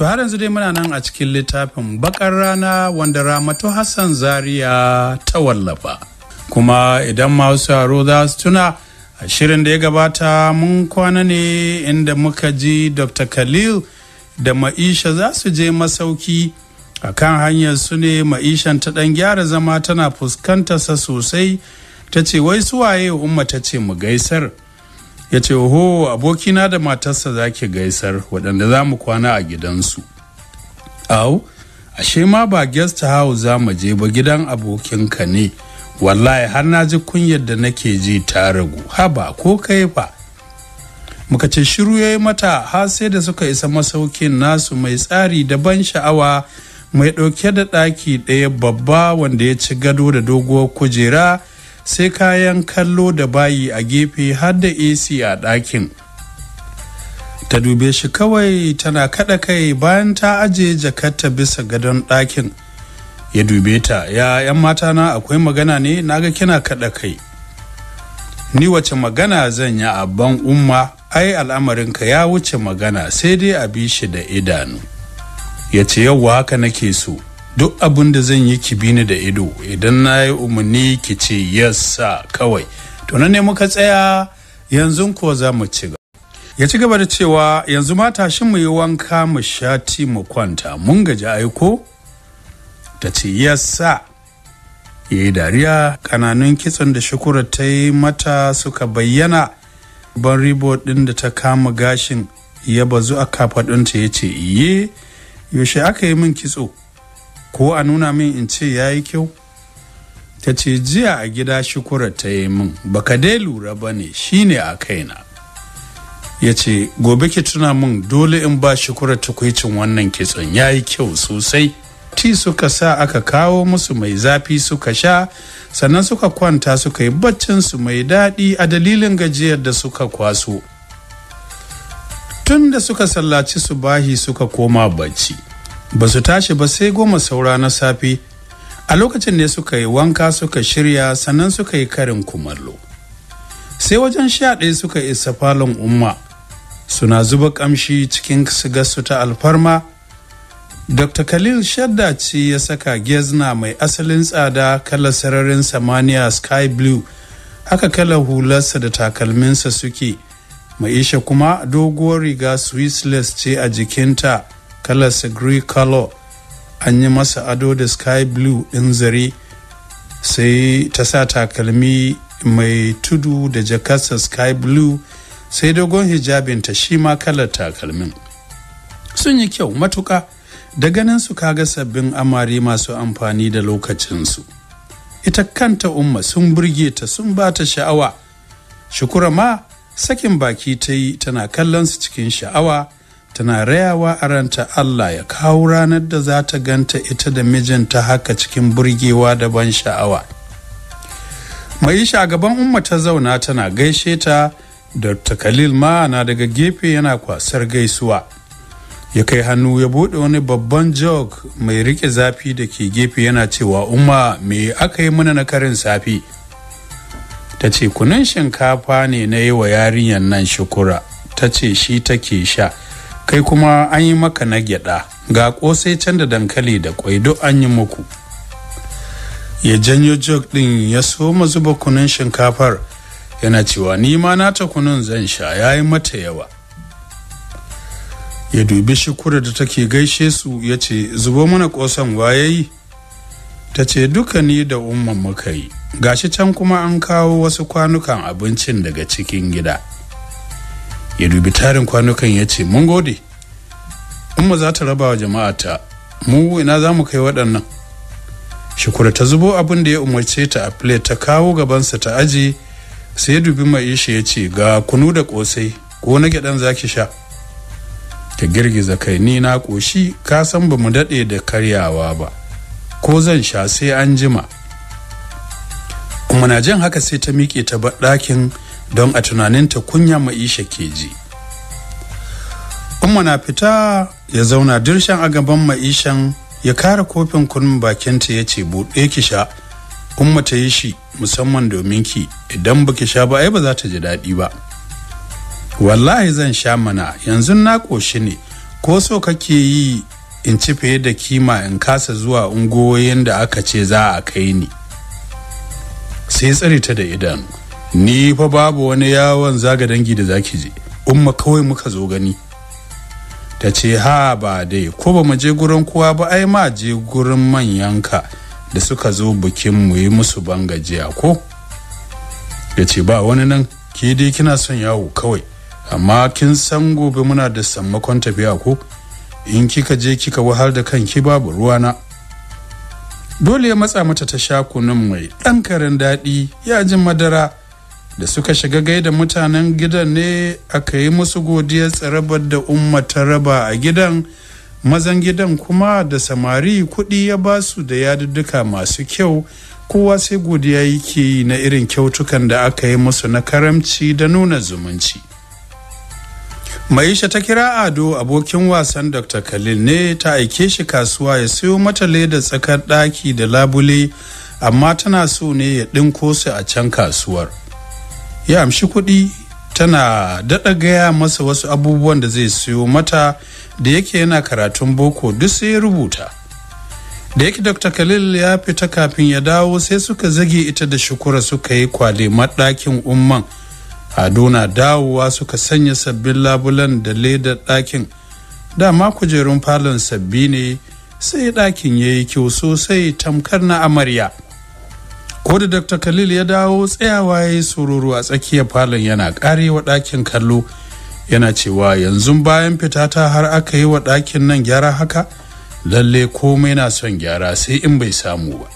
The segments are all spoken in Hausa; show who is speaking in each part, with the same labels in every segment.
Speaker 1: To har yanzu dai muna nan a cikin littafin bakar rana wanda Ramatu Hassan Zaria ta wallafa. Kuma idan masu yaro za su tuna a shirin da ya gabata mun kwana ne inda muka ji Dr. Khalil da Maisha za su je masauki a kan hanyar su ne Maishan ta ɗan gyara zama tana fuskantarsa sosai ta ce wai suwaye umma ta ce mu gaisar. ya ce ho abokina da matarsa za ke gaisar waɗanda za mu kwana a gidansu au ashe ma ba guest house za mu je ba gidan abokinka ne wallahi har na ji kunyar da nake ji ta ragu haba ko kai fa muka ce shiru ya yi mata har sai da suka isa masaukin nasu mai tsari da ban sha'awa mai ɗauke da ɗaki ɗaya babba wanda ya ci gado da doguwar kujera sai kayan kallo da bayi a gefe har da ac a ɗakin ta dube shi kawai tana kaɗa kai bayan ta aje jakarta bisa gadon ɗakin ya dube ta ya 'yan mata na akwai magana ne na ga kina kaɗa kai ni wace magana zan yi a ban umma ai al'amarinka ya wuce magana sai dai a bi shi da idanu ya ce yau haka nake so duk abin da zan yi ki bini da ido idan na yi umarni ki ce yasa kawai to nan ne muka tsaya yanzu ko za mu ci ya ci gaba da cewa yanzu ma tashin mu yi wanka mu shati mu kwanta mun gaji aiko ta ce yasa ya yi dariya kananun kitson da shukura ta yi mata suka bayyana ban ribo ɗin da ta kama gashin ya bazu a kafaɗinta ya ce iye yaushe aka yi min kitso ko a nuna min in ce ya yi kyau ta ce jiya a gida shukura ta yi min baka dai lura ba ne shi ne a kaina ya ce gobe ki tuna min dole in ba shukura tukwicin wannan kitson ya yi kyau sosai ti suka sa aka kawo musu mai zafi suka sha sannan suka kwanta suka yi baccinsu mai daɗi a dalilin gajiyar da suka kwaso tun da suka sallaci su bahi suka koma bacci ba su tashi ba sai goma saura na safe a lokacin ne suka yi wanka suka shirya sannan suka yi karin kumallo sai wajen sha suka isa falon umma suna zuba kamshi cikin su ta alfarma dr khalil shadda ce ya saka gezna mai asalin tsada kalar sararin samaniya sky blue haka kala hularsa da takalminsa suke maisha kuma doguwar riga swissless ce a jikinta kalarsa grey color an yi masa ado da sky blue ɗin zare sai ta sa takalmi mai tudu da jakarsa sky blue sai dogon ta shi ma kalar takalmin sun yi kyau matuka da ganin su kaga sabbin amari masu amfani da lokacinsu ita kanta umma sun burge ta sun ba ta sha'awa shukura ma sakin baki ta yi tana kallon su cikin sha'awa tana rayawa a ranta Allah ya kawo ranar da za ta ganta ita da mijinta haka cikin burgewa da ban sha'awa. Mai gaban umma ta zauna tana gaishe ta Dr. Khalil ma na daga gefe yana kwasar gaisuwa. Ya kai hannu ya buɗe wani babban jog mai rike zafi da ke gefe yana cewa umma me aka yi mana na karin safi. Ta ce kunun shinkafa ne na yi wa yarinyar nan shukura. ta ce shi take sha kai kuma an yi maka na gyada ga kosai can da dankali da kwai duk an yi muku ya janyo jog din ya soma zuba kunun shinkafar yana cewa ni ma nata kunun zan sha ya yi mata yawa ya dubi shukura da take gaishe su ya ce zubo mana kosan wayayi ta ce duka ni da umman muka yi gashi can kuma an kawo wasu kwanukan abincin daga cikin gida ya dubi tarin kwanukan ya ce mun gode umma za ta raba wa jama'a ta mu ina za mu kai waɗannan shukura ta zubo abin da ya umarce ta a plate ta kawo gabansa ta aji sai ya dubi mai ishe ya ce ga kunu da kosai ko na gyaɗan zaki sha ta girgiza kai ni na ƙoshi ka san ba mu daɗe da karyawa ba ko zan sha sai an jima kuma na jan haka sai ta miƙe ta ɗakin don a tunaninta kunya ma'isha ke ji umma na fita ya zauna dirshan a gaban ma'ishan ya kara kofin kunun bakinta ya ce buɗe ki sha umma ta yi shi musamman domin ki idan baki sha ba ai ba za ta ji daɗi ba wallahi zan sha mana yanzu na ƙoshi ne ko so kake yi in ci fiye da kima in kasa zuwa ungoyin da aka ce za a kai ni sai tsare ta da idanu ni fa babu wani yawon zaga dangi da zaki je umma kawai muka zo gani ta ce ha ba dai ko ba mu je gurin kowa ba ai ma je gurin ka da suka zo bikin mu yi musu ban gajiya ko ya ce ba wani nan ke dai kina son yawo kawai amma kin san gobe muna da sammakon tafiya ko in kika je kika wahal da kanki babu ruwa na. dole ya matsa mata ta sha kunun mai ɗan karen daɗi ya jin madara da suka shiga gaida mutanen gidan ne aka yi musu godiyar tsarabar da umma ta raba a gidan mazan gidan kuma da samari kuɗi ya ba su da yadudduka masu kyau kowa sai godiya yake yi na irin kyautukan da aka yi musu na karamci da nuna zumunci maisha ta kira ado abokin wasan dr khalil ne ta aike shi kasuwa ya sayo mata leda tsakar ɗaki da labule amma tana so ne ya ɗinko su a can kasuwar ya amshi kuɗi tana daɗa gaya masa wasu abubuwan da zai siyo mata da yake yana karatun boko duk sai ya rubuta da yake dr khalil ya fita kafin ya dawo sai suka zage ita da shukura suka yi kwalemar ɗakin umman na dawowa suka sanya sabbin labulan da ledar ɗakin dama kujerun falon sabbi ne sai ɗakin ya yi kyau sosai tamkar na amarya ko da dr khalil ya dawo tsayawa ya yi sururu a tsakiyar falon yana kare wa ɗakin kallo yana cewa yanzu bayan fita ta har aka yi wa ɗakin nan gyara haka lalle komai na son gyara sai in bai samu ba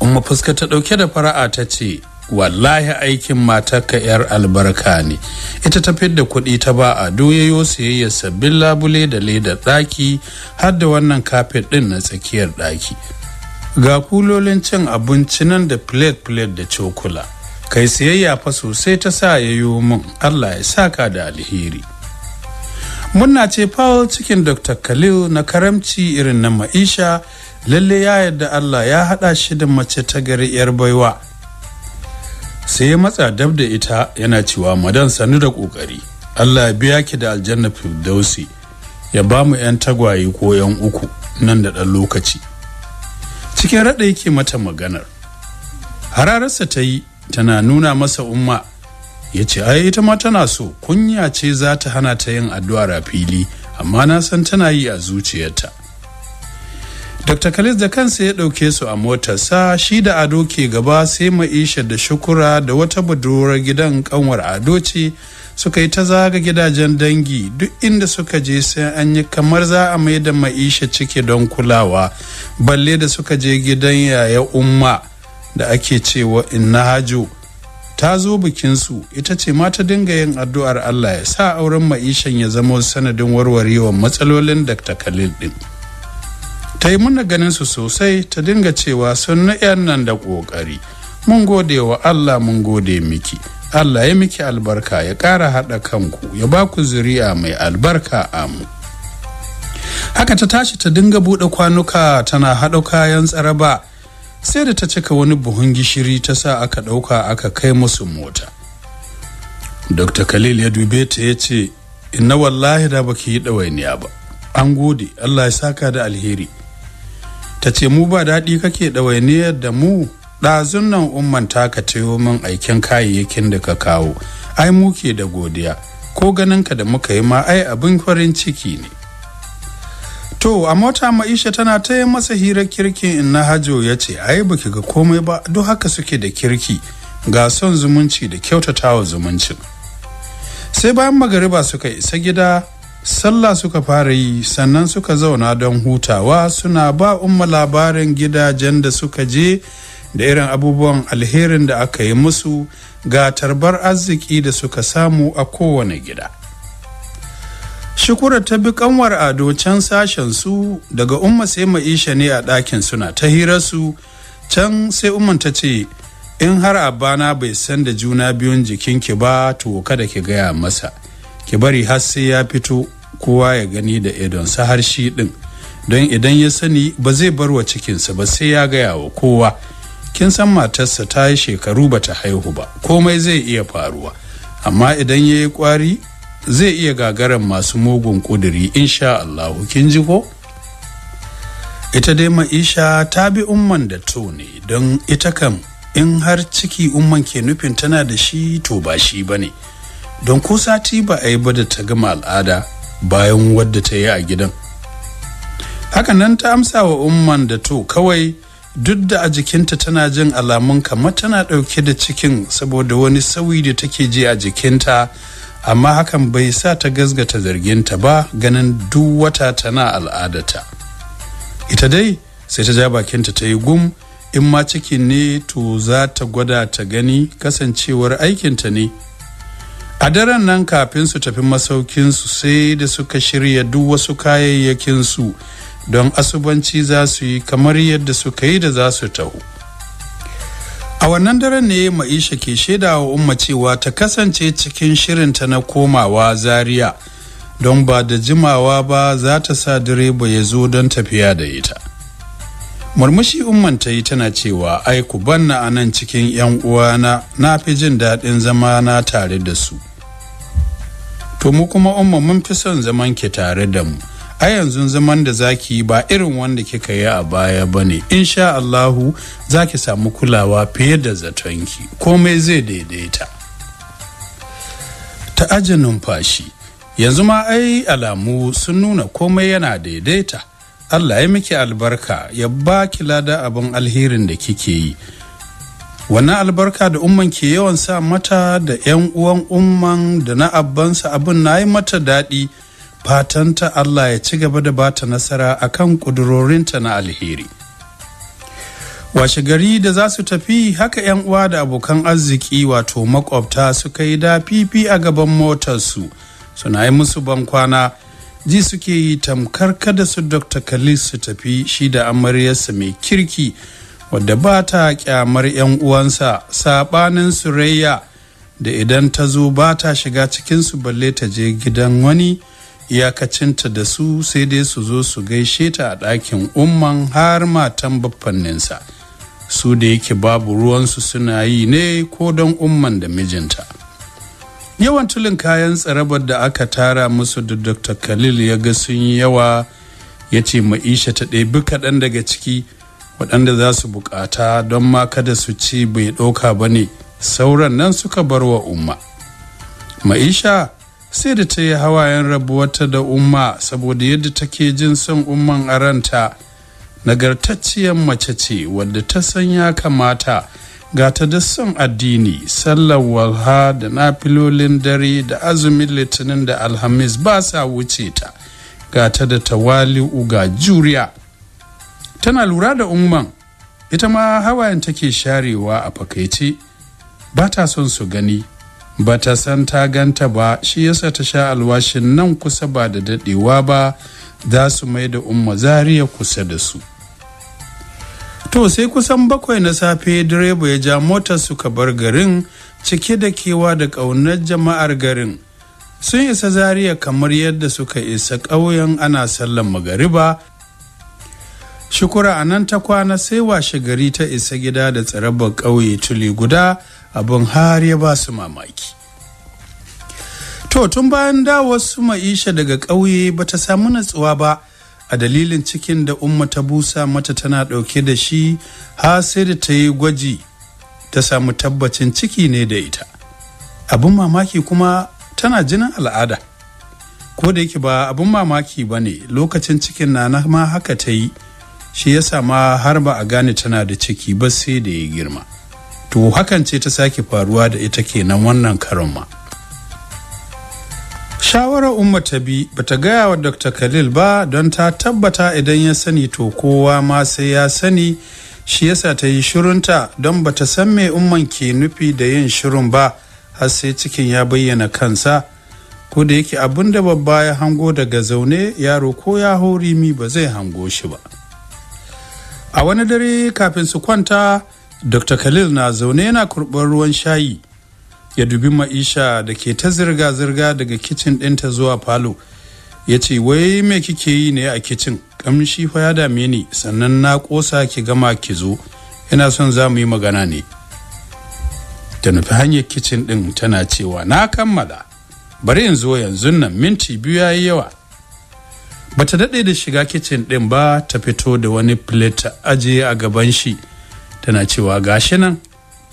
Speaker 1: umma fuska ta ɗauke da fara'a ta ce wallahi aikin matar ka 'yar albarka ne ita ta fidda kuɗi ta ba a doyayo sayayya sabbin labule da ledar ɗaki har da wannan kafet ɗin na tsakiyar ɗaki ga kulolin cin abinci nan da plate-plate da cokula kai siyayya fa sosai ta sa ya yi min allah ya saka da alheri muna ce paul cikin dr khalil na karamci irin na maisha lalle ya yadda allah ya haɗa shi da mace ta gari yar baiwa sai ya matsa dab da ita yana cewa madan sanu da ƙoƙari allah ya biya ki da aljanna firdausi ya ba mu 'yan tagwaye ko 'yan uku nan da ɗan lokaci cikin raɗa yake mata maganar hararsa ta yi tana nuna masa umma ya ce ai ita ma tana so kunya ce za ta hana ta yin addu'ar a fili amma na san tana yi a zuciyarta dr kalis da kansa ya ɗauke su a sa shi da ado ke gaba sai ma'isha da shukura da wata budurwar gidan kanwar ado ce suka yi ta zaga gidajen dangi duk inda suka je sai an yi kamar za a mai da ma'isha cike don kulawa balle da suka je gidan yaya umma da ake cewa inna hajo ta zo bikinsu ita ce ma ta dinga yin addu'ar allah ya sa auren ma'ishan ya zama sanadin warwarewa matsalolin dr khalil din ta yi muna ganin su sosai ta dinga cewa sun na 'yan nan da ƙoƙari mun gode wa allah mun gode miki allah ya miki albarka ya ƙara haɗa kanku ya ba ku zuri'a mai albarka amu haka ta tashi ta dinga buɗe kwanuka tana haɗo kayan tsaraba sai da ta cika wani buhun gishiri ta sa aka ɗauka aka kai musu mota dr khalil ya dube ta ya ce inna wallahi da baki yi ɗawainiya ba an gode allah ya saka da alheri ta ce mu ba daɗi kake ɗawainiyar da mu ɗazun nan umman taka tayo min aikin kayayyakin da ka kawo ai mu ke da godiya ko ganin ka da muka yi ma ai abin farin ciki ne to a mota maisha tana ta yi masa hirar kirki in na hajo ya ce ai baki ga komai ba duk haka suke da kirki ga son zumunci da kyautatawa zumuncin sai bayan magariba suka isa gida sallah suka fara yi sannan suka zauna don hutawa suna ba umma labarin gidajen da suka je da irin abubuwan alherin da aka yi musu ga tarbar arziki da suka samu a kowane gida shukura ta bi kanwar ado can sashen su daga umma sai ma'isha ne a ɗakin suna ta su can sai umman ta ce in har abana bai san da juna biyun jikinki ba to kada ki gaya masa ki bari har sai ya fito kowa ya gani da sa har shi din don idan ya sani ba zai bar wa cikinsa ba sai ya gaya wa kowa kin san matarsa ta yi shekaru ba ta haihu ba komai zai iya faruwa amma idan ya yi kwari zai iya gagaran masu mugun kuduri insha Allahu kin ji ko? ita dai ma'isha ta bi umman da to ne don ita kam in har ciki umman ke nufin tana da shi to ba shi ba ne don ko sati ba a yi ba da ta gama al'ada bayan wadda ta yi a gidan haka nan ta amsa wa umman da to kawai duk da a jikinta tana jin alamun kama tana ɗauke da cikin saboda wani sauyi da take ji a jikinta amma hakan bai sa ta gazgata zarginta ba ganin duk wata tana al'adata ita dai sai ta ja bakinta ta yi gum in ma ciki ne to za ta gwada ta gani kasancewar aikinta ne a daren nan kafin su tafi masaukinsu sai da suka shirya duk wasu kayayyakin su, don asubanci za su yi kamar yadda suka yi da za su taho a wannan daren ne maisha ke shaida wa umma cewa ta kasance cikin shirinta na komawa zaria don ba da jimawa ba za ta sa direba ya zo don tafiya da ita murmushi umman ta yi tana cewa ai ku banna a nan cikin 'yan uwana na fi jin daɗin zama na tare da su to mu kuma umma mun fi son zaman ki tare da mu a yanzu zaman da zaki yi ba irin wanda kika yi a baya ba ne insha Allahu za ki samu kulawa fiye da zatonki komai zai daidaita ta aji numfashi yanzu ma ai alamu sun nuna komai yana daidaita Allah ya miki albarka ya baki lada abin alherin da kike yi wannan albarka da umman ke yawan sa mata da 'yan uwan umman da na abbansa abin na yi mata daɗi fatanta allah ya ci gaba da bata nasara a kan ƙudurorinta na alheri washe gari da za su tafi haka 'yan uwa da abokan arziki wato makwabta suka yi da fifi a gaban motarsu suna yi musu bankwana ji suke yi tamkar kada su dr khalil su tafi shi da amaryarsa mai kirki wadda ba ta kyamar 'yan uwansa saɓanin surayya da idan ta zo ba ta shiga cikinsu balle ta je gidan wani iyakacinta da su sai dai su zo su gaishe ta a ɗakin umman har matan baffanninsa su da yake babu ruwansu suna yi ne ko don umman da mijinta yawan tulin kayan tsarabar da aka tara musu da dr khalil ya ga sun yi yawa ya ce ma'isha ta ɗebi kaɗan daga ciki waɗanda za su bukata don ma kada su ci bai ɗauka ba ne sauran nan suka bar wa umma maisha sai da ta yi hawayen rabuwarta da umma saboda yadda take jin son umman a ranta nagartacciyar mace ce wadda ta san ya kamata ga ta da son addini sallar walha da nafilolin dare da azumin litinin da alhamis ba sa wuce ta ga ta da tawali'u ga juriya tana lura da umman ita ma hawayen take sharewa a fakaice ba ta son su gani ba ta san ta ganta ba shi yasa ta sha alwashin nan kusa ba da dadewa ba za su mai da umma zariya kusa da su to sai kusan bakwai na safe direba ya ja motar suka bar garin cike da kewa da ƙaunar jama'ar garin sun isa zariya kamar yadda suka isa ƙauyen ana sallan magariba shukura a nan ta kwana sai washe gari ta isa gida da tsarabar ƙauye tuli guda abin har ya ba su mamaki to tun bayan dawowar su ma'isha daga ƙauye ba ta samu natsuwa ba a dalilin cikin da umma ta busa mata tana ɗauke da shi har sai da ta yi gwaji ta samu tabbacin ciki ne da ita abin mamaki kuma tana jinin al'ada ko da yake ba abin mamaki ba ne lokacin cikin na ma haka ta yi shi ya sama har ba a gane tana da ciki ba sai da ya girma to hakan ce ta sake faruwa da ita kenan wannan karin ma shawarar umma ta bi ba ta gaya wa dr khalil ba don ta tabbata idan ya sani to kowa ma sai ya sani shi yasa ta yi shirunta don ba ta san me umman ke nufi da yin shirun ba har sai cikin ya bayyana kansa ko da yake abin da babba ya hango daga zaune yaro ko ya hori mi ba zai hango shi ba a wani dare kafin su kwanta dr khalil na zaune yana kurɓar ruwan shayi ya dubi ma'isha da ke ta zirga-zirga daga kicin ɗinta zuwa falo ya ce wai me kike yi ne a kicin ƙamshi fa ya dame ni sannan na ƙosa ki gama ki zo ina son za mu yi magana ne ta nufi hanyar kicin ɗin tana cewa na kammala bari in zo yanzu nan minti biyu ya yi yawa bata daɗe da shiga kicin ɗin ba ta fito da wani plate aje a gaban shi tana cewa gashi nan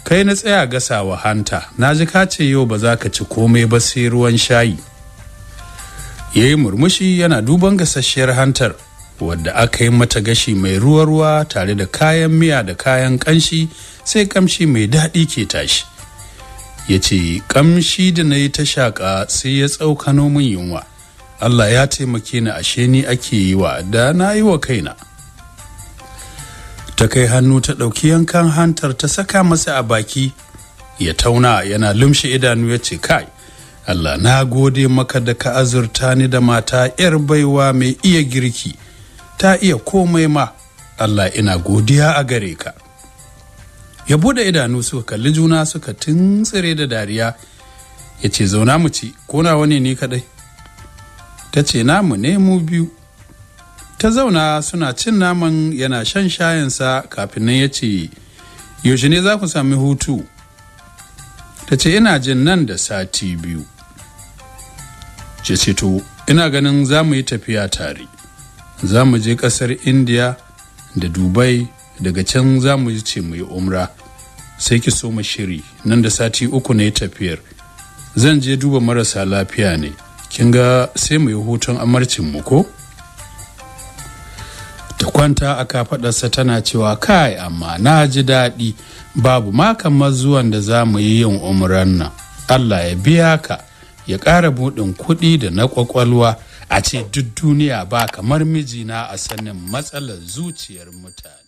Speaker 1: kai na tsaya gasawa hanta na ji ka ce yau ba za ka ci komai ba sai ruwan shayi ya yi murmushi yana duban gasasshiyar hantar wadda aka yi mata gashi mai ruwa-ruwa tare da kayan miya da kayan kanshi sai kamshi mai daɗi ke tashi ya ce kamshi da na yi ta shaƙa sai ya tsaukano min yunwa Allah ya taimake ni ashe ni ake yi wa da na yi wa kaina ta kai hannu ta ɗauki yankan hantar ta saka masa a baki ya tauna yana lumshe idanu ya ce kai Allah na gode maka da ka azurta ni da mata 'yar baiwa mai iya girki ta iya komai ma Allah ina godiya a gare ka ya bude idanu suka kalli juna suka tuntsire da dariya ya ce zauna mu ci kona wani ni kadai ta ce namu ne mu biyu ta zauna suna cin naman yana shan shayansa kafin nan ya ce yaushe ne za ku sami hutu ta ce ina jin nan da sati biyu ce ce to ina ganin za mu yi tafiya tare za mu je kasar Indiya da dubai daga can za mu ce mu yi umra sai ki so mu shiri nan da sati uku ne tafiyar zan je duba marasa lafiya ne kin ga sai mu yi hutun amarcin mu ko ta kwanta a kafadarsa tana cewa kai amma na ji daɗi babu ma kamar zuwan da za mu yi yin umran nan allah ya biya ka ya ƙara buɗin kuɗi da na ƙwaƙwalwa a ce duk duniya ba kamar mijina a sanin matsalar zuciyar mutane